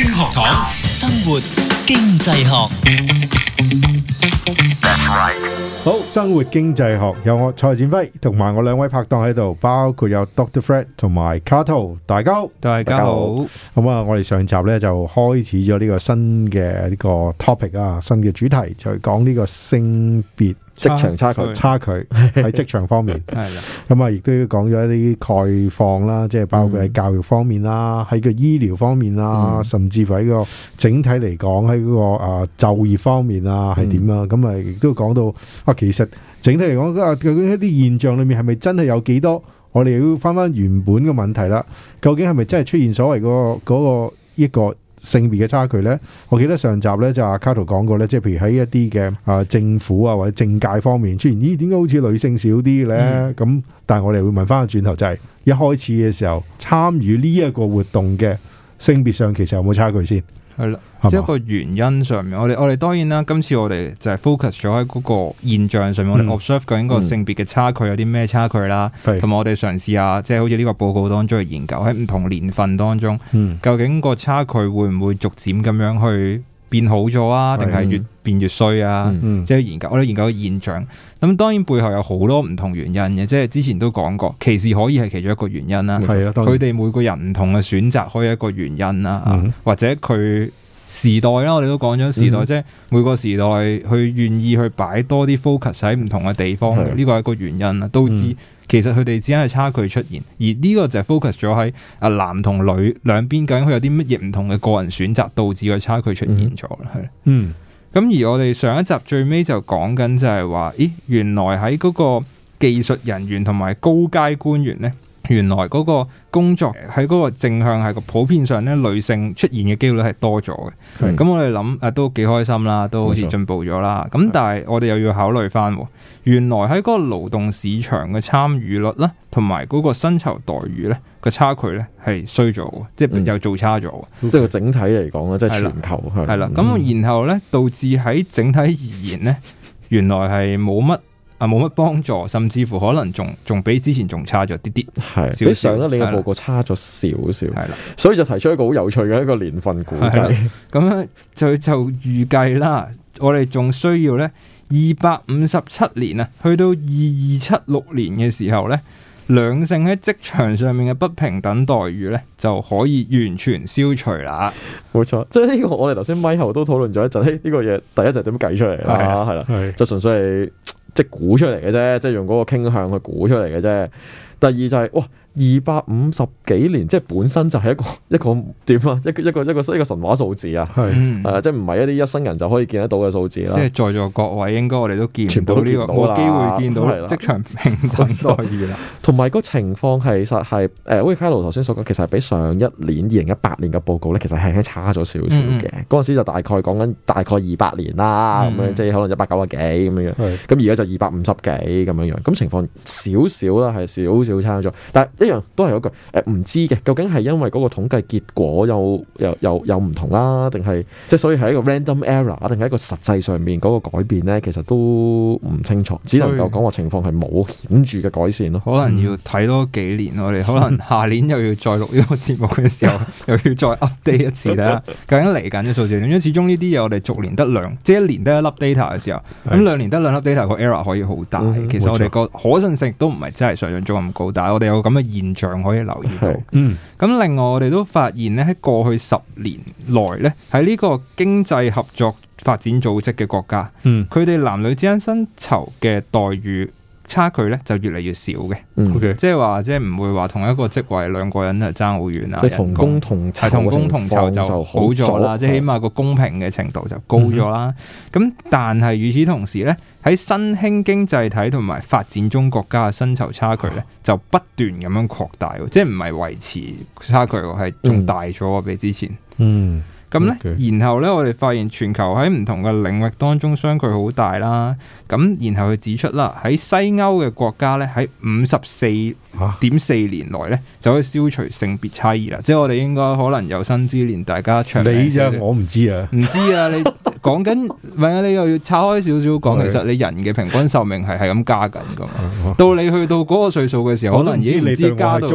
精學堂生活經濟學，好！生活經濟學有我蔡展輝同埋我兩位拍檔喺度，包括有 Dr. Fred 同埋 Cato，大家好，大家好。咁啊，我哋上集呢就開始咗呢個新嘅呢個 topic 啊，新嘅主題就係講呢個性別。職場差距，Sorry. 差距喺職場方面，係啦 的。咁啊，亦都講咗一啲概況啦，即 係包括喺教育方面啦，喺個 醫療方面啦，甚至乎喺個整體嚟講，喺嗰個啊就業方面啊，係點啊？咁 啊，亦都講到啊，其實整體嚟講啊，究竟一啲現象裏面係咪真係有幾多？我哋要翻翻原本嘅問題啦，究竟係咪真係出現所謂嗰、嗰個、嗰個一個？性別嘅差距呢？我記得上集呢，就阿卡圖講過呢，即係譬如喺一啲嘅啊政府啊或者政界方面，出現咦點解好似女性少啲呢？咁、嗯、但係我哋會問翻個轉頭，就係、是、一開始嘅時候參與呢一個活動嘅性別上其實有冇差距先？係啦，即係一個原因上面，我哋我哋當然啦，今次我哋就係 focus 咗喺嗰個現象上面，我哋 observe、嗯、究竟個性別嘅差距、嗯、有啲咩差距啦，同埋是我哋嘗試下，即係好似呢個報告當中嘅研究，喺唔同年份當中，究竟個差距會唔會逐漸咁樣去？變好咗啊？定係越、嗯、變越衰啊？嗯、即係研究，我哋研究個現象。咁、嗯、當然背後有好多唔同原因嘅，即係之前都講過歧視可以係其中一個原因啦。係啊，佢哋每個人唔同嘅選擇，可以一個原因啦、嗯啊。或者佢。時代啦，我哋都講咗時代，時代 Mm hmm. 即係每個時代去願意去擺多啲 focus 喺唔同嘅地方，呢個係一個原因啦，導致其實佢哋之間嘅差距出現。Mm hmm. 而呢個就 focus 咗喺啊男同女兩邊究竟佢有啲乜嘢唔同嘅個人選擇導致個差距出現咗啦。嗯，咁而我哋上一集最尾就講緊就係話，咦，原來喺嗰個技術人員同埋高階官員呢。原來嗰個工作喺嗰個正向係個普遍上咧，女性出現嘅機會率係多咗嘅。咁、嗯、我哋諗啊，都幾開心啦，都好似進步咗啦。咁、嗯、但係我哋又要考慮翻、哦，原來喺嗰個勞動市場嘅參與率啦，同埋嗰個薪酬待遇咧嘅差距咧，係衰咗嘅，即係又做差咗。即係個整體嚟講咧，即係全球係。係啦。咁然後咧，導致喺整體而言咧，原來係冇乜。啊，冇乜幫助，甚至乎可能仲仲比之前仲差咗啲啲，係的許比上一年嘅報告差咗少少，係啦的，所以就提出一個好有趣嘅一個年份估計，咁樣，就就預計啦，我哋仲需要咧二百五十七年啊，去到二二七六年嘅時候咧，兩性喺職場上面嘅不平等待遇咧就可以完全消除啦。冇錯，即係呢個我哋頭先咪後都討論咗一陣，呢、這個嘢第一就點計出嚟啦，係啦的，就純粹係。即係估出嚟嘅啫，即係用嗰個傾向去估出嚟嘅啫。第二就係、是、哇，二百五十幾年，即係本身就係一個一個點啊，一個一個一個一個神話數字啊，係是、呃、即係唔係一啲一生人就可以見得到嘅數字啦。即係在座各位應該我哋都見唔到呢、這個冇機會見到職場平均待遇啦。同埋的 個情況其實係誒 Carlo 頭先所講，其實係比上一年二零一八年嘅報告咧，其實輕輕差咗少少嘅。嗰陣、嗯嗯、時就大概講緊大概二百年啦，咁樣、嗯嗯、即係可能一百九啊幾咁樣，咁而家就二百五十幾咁樣樣，咁情況少少啦，係少。少差咗，但係一樣都係有句誒唔知嘅，究竟係因為嗰個統計結果有又又又唔同啦、啊，定係即係所以係一個 random error，定係一個實際上面嗰個改變咧，其實都唔清楚，只能夠講話情況係冇顯著嘅改善咯。可能要睇多幾年、嗯、我哋可能下年又要再錄呢個節目嘅時候， 又要再 update 一次啦。看看究竟嚟緊嘅數字，因為始終呢啲嘢我哋逐年得兩，即、就、係、是、一年得一粒 data 嘅時候，咁的兩年得兩粒 data 個 error 可以好大，嗯、其實我哋個可信性都唔係真係想漲中咁，我哋有咁嘅現象可以留意到。嗯，咁另外我哋都發現咧，喺過去十年內咧，喺呢個經濟合作發展組織嘅國家，嗯，佢哋男女之間薪酬嘅待遇，.差距咧就越嚟越少嘅，嗯，即係話即係唔會話同一個職位兩個人就爭好遠啦。即係同工同係、同工同酬就好咗啦，即係起碼個公平嘅程度就高咗啦。咁、嗯、但係與此同時咧，喺新興經濟體同埋發展中國家嘅薪酬差距咧就不斷咁樣擴大，即係唔係維持差距，係仲大咗比之前嗯。嗯。咁咧，呢 Okay. 然後咧，我哋發現全球喺唔同嘅領域當中相距好大啦。咁然後佢指出啦，喺西歐嘅國家咧，喺五十四點四年內咧、啊、就可以消除性別差異啦。即係我哋應該可能有生之年大家長。你啊，我唔知啊，唔知啊你。 講緊，係啊！你又要拆開少少講。講，其實你人嘅平均壽命係係咁加緊噶嘛？的到你去到嗰個歲數嘅時候， 可能已經唔知加到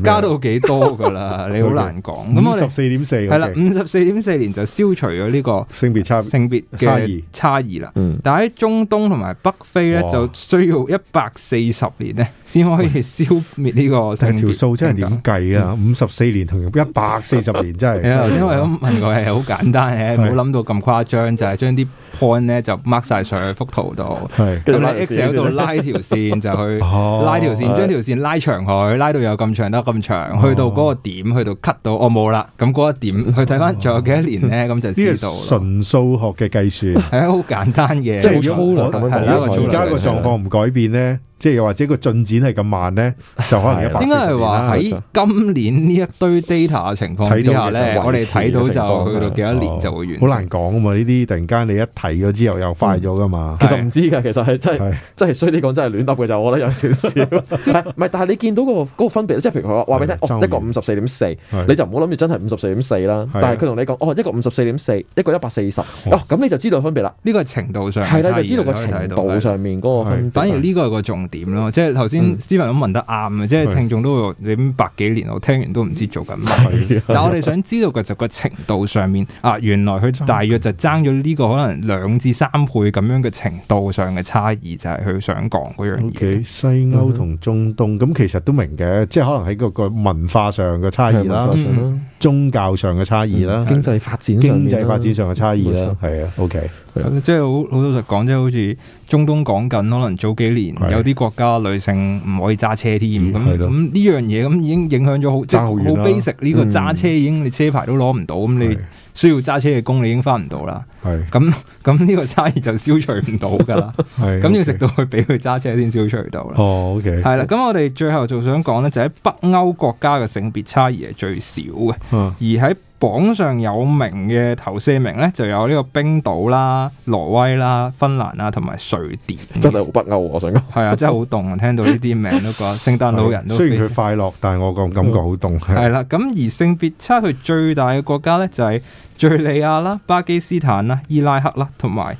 加到幾多噶啦！ 你好難講。咁你十四點四係啦，五十四點四年就消除咗呢個性別差異性別嘅差異差異啦。嗯、但係喺中東同埋北非咧，就需要一百四十年咧，先可以消滅呢個。成條數、嗯、 真係點計啊？五十四年同一百四十年真係。我頭先問佢係好簡單嘅，冇諗到咁誇張。就係將啲 point 咧，就 mark 晒上去幅圖度，咁你 excel 度拉條線，就去拉條線，將條線拉長佢，拉到有咁長得咁長，去到嗰個點去到 cut 到，我冇啦。咁嗰個點去睇翻，仲有幾多年咧，咁就知道純數學嘅計算。係啊，好簡單嘅，即係如果而家個狀況唔改變咧。即係又或者個進展係咁慢咧，就可能一百。應該係話喺今年呢一堆 data 嘅情況之下咧，我哋睇到就去到幾多年就會完。好難講啊嘛，呢啲突然間你一提咗之後又快咗噶嘛。其實唔知㗎，其實係真係真係衰你講真係亂噏嘅就我覺得有少少。唔係，但係你見到個嗰分別，即係譬如佢話話俾你聽，哦一個五十四點四，你就唔好諗住真係五十四點四啦。但係佢同你講，哦一個五十四點四，一個一百四十，哦咁你就知道分別啦。呢個係程度上係啦，知道個程度上面嗰個反而呢個係個重。點咯？嗯、即係頭先斯文都問得啱嘅，嗯、即係聽眾都會是你百幾年，我聽完都唔知做緊乜。啊、但係我哋想知道嘅就個程度上面啊，原來佢大約就爭咗呢個可能兩至三倍咁樣嘅程度上嘅差異，就係、是、佢想講嗰樣嘢。Okay, 西歐同中東咁、嗯、其實都明嘅，即係可能喺個個文化上嘅差異啦、啊嗯，宗教上嘅差異啦、啊，經濟發展經濟發展上嘅差異啦，係啊，OK。嗯嗯、即係好好老實講，即係好似中東講緊，可能早幾年是有啲國家女性唔可以揸車添，咁咁呢樣嘢，咁，已經影響咗好即係好 basic 呢個揸車已經、嗯、你車牌都攞唔到，咁你需要揸車嘅工，你已經返唔到啦。咁咁呢個差異就消除唔是到噶啦。咁要直到佢俾佢揸車先消除到啦。哦、嗯、，OK。係啦，咁我哋最後就想講呢，就喺、是、北歐國家嘅性別差異係最少嘅，嗯、而喺。榜上有名嘅頭四名呢，就有呢個冰島啦、挪威啦、芬蘭啦，同埋瑞典。真係好北歐啊，我想講係啊，真係好凍啊！聽到呢啲名都覺得聖誕老人都雖然佢快樂，但係我個感覺好凍。係啦、嗯，咁而性別差距最大嘅國家呢，就係敍利亞啦、巴基斯坦啦、伊拉克啦，同埋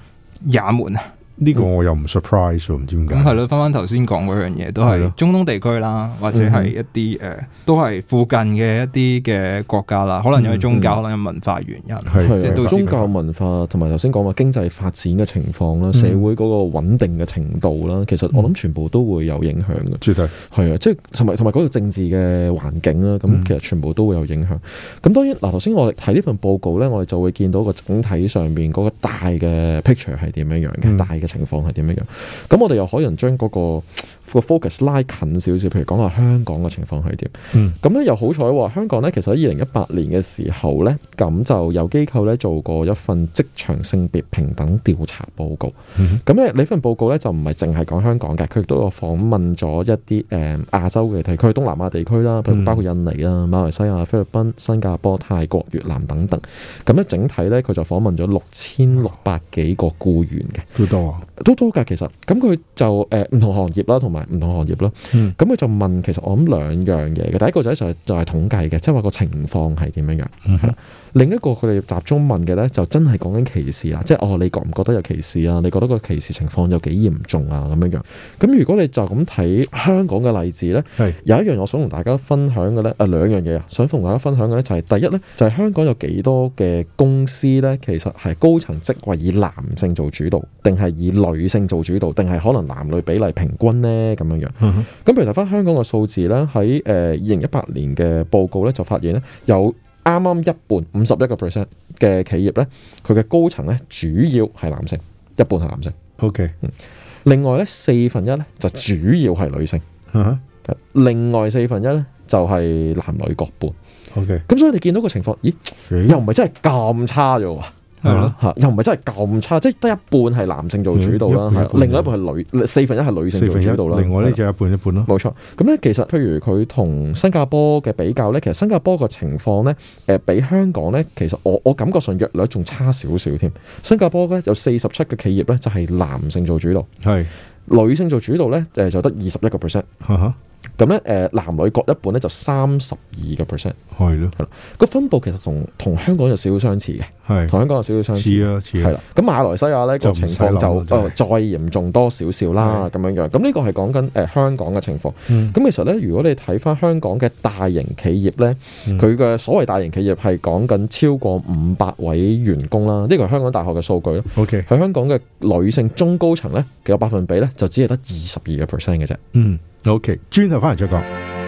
也門啊。呢個我又唔 surprise，我唔知點解。咁係咯，翻翻頭先講嗰樣嘢，都係中東地區啦，的或者係一啲誒、呃，都係附近嘅一啲嘅國家啦。嗯、可能因為宗教，嗯、可能有文化原因，即係的宗教文化同埋頭先講話經濟發展嘅情況啦，嗯、社會嗰個穩定嘅程度啦，其實我諗全部都會有影響嘅。絕對係啊，即係同埋同埋嗰個政治嘅環境啦。咁其實全部都會有影響。咁、嗯、當然嗱，頭先我哋睇呢份報告咧，我哋就會見到個整體上邊嗰個大嘅 picture 係點樣樣嘅、嗯嘅情況係點樣？咁我哋又可能將嗰個 focus 拉近少少，譬如講話香港嘅情況係點？嗯，咁咧又好彩喎，香港咧其實喺二零一八年嘅時候咧，咁就有機構咧做過一份職場性別平等調查報告。咁咧、嗯哼，呢份報告咧就唔係淨係講香港嘅，佢亦都有訪問咗一啲誒、嗯、亞洲嘅地區、東南亞地區啦，譬如包括印尼啦、嗯、馬來西亞、菲律賓、新加坡、泰國、越南等等。咁咧整體咧，佢就訪問咗六千六百幾個僱員嘅。多多都多噶，其實咁佢就誒唔、呃、同行業啦，同埋唔同行業咯。咁佢、嗯、就問，其實我諗兩樣嘢嘅。第一個就係、是、就係、是、統計嘅，即係話個情況係點樣樣。嗯、哼另一個佢哋集中問嘅咧，就真係講緊歧視啊，即係哦，你覺唔覺得有歧視啊？你覺得個歧視情況有幾嚴重啊？咁樣樣。咁如果你就咁睇香港嘅例子咧，是有一樣我想同大家分享嘅咧，啊兩樣嘢啊，想同大家分享嘅咧就係、是、第一咧就係、是、香港有幾多嘅公司咧，其實係高層職位以男性做主導，定係？以女性做主導，定係可能男女比例平均呢？咁樣樣。咁譬、uh huh. 如睇翻香港個數字咧，喺誒二零一八年嘅報告咧就發現咧，有啱啱一半五十一個 percent 嘅企業咧，佢嘅高層咧主要係男性，一半係男性。O Okay . K，、嗯、另外咧四分一咧就主要係女性。Uh huh. 另外四分一咧就係、是、男女各半。O K，咁所以你見到個情況，咦，又唔係真係咁差咋。係又唔係真係咁差，即係得一半係男性做主導啦，另外一半係女，四分一係女性做主導啦。另外呢就一,一半一半啦，冇錯，咁咧其實譬如佢同新加坡嘅比較咧，其實新加坡嘅情況咧，誒，比香港咧，其實我我感覺上弱略仲差少少添。新加坡咧有四十七個企業咧就係男性做主導，係是女性做主導咧，誒就得二十一個 percent。Uh huh. 咁咧，誒，男女各一半咧，就三十二個 percent，係咯，係啦，個分布其實同同香港有少少相似嘅，係，同香港有少少相似，啊似係啦。咁馬來西亞咧個情況就誒再嚴重多少少啦，咁樣樣。咁呢個係講緊誒香港嘅情況。咁其實咧，如果你睇返香港嘅大型企業咧，佢嘅所謂大型企業係講緊超過五百位員工啦，呢個係香港大學嘅數據咯。喺香港嘅女性中高層咧，有百分比咧就只係得二十二個 percent 嘅啫，嗯。O.K. 轉頭翻嚟再講。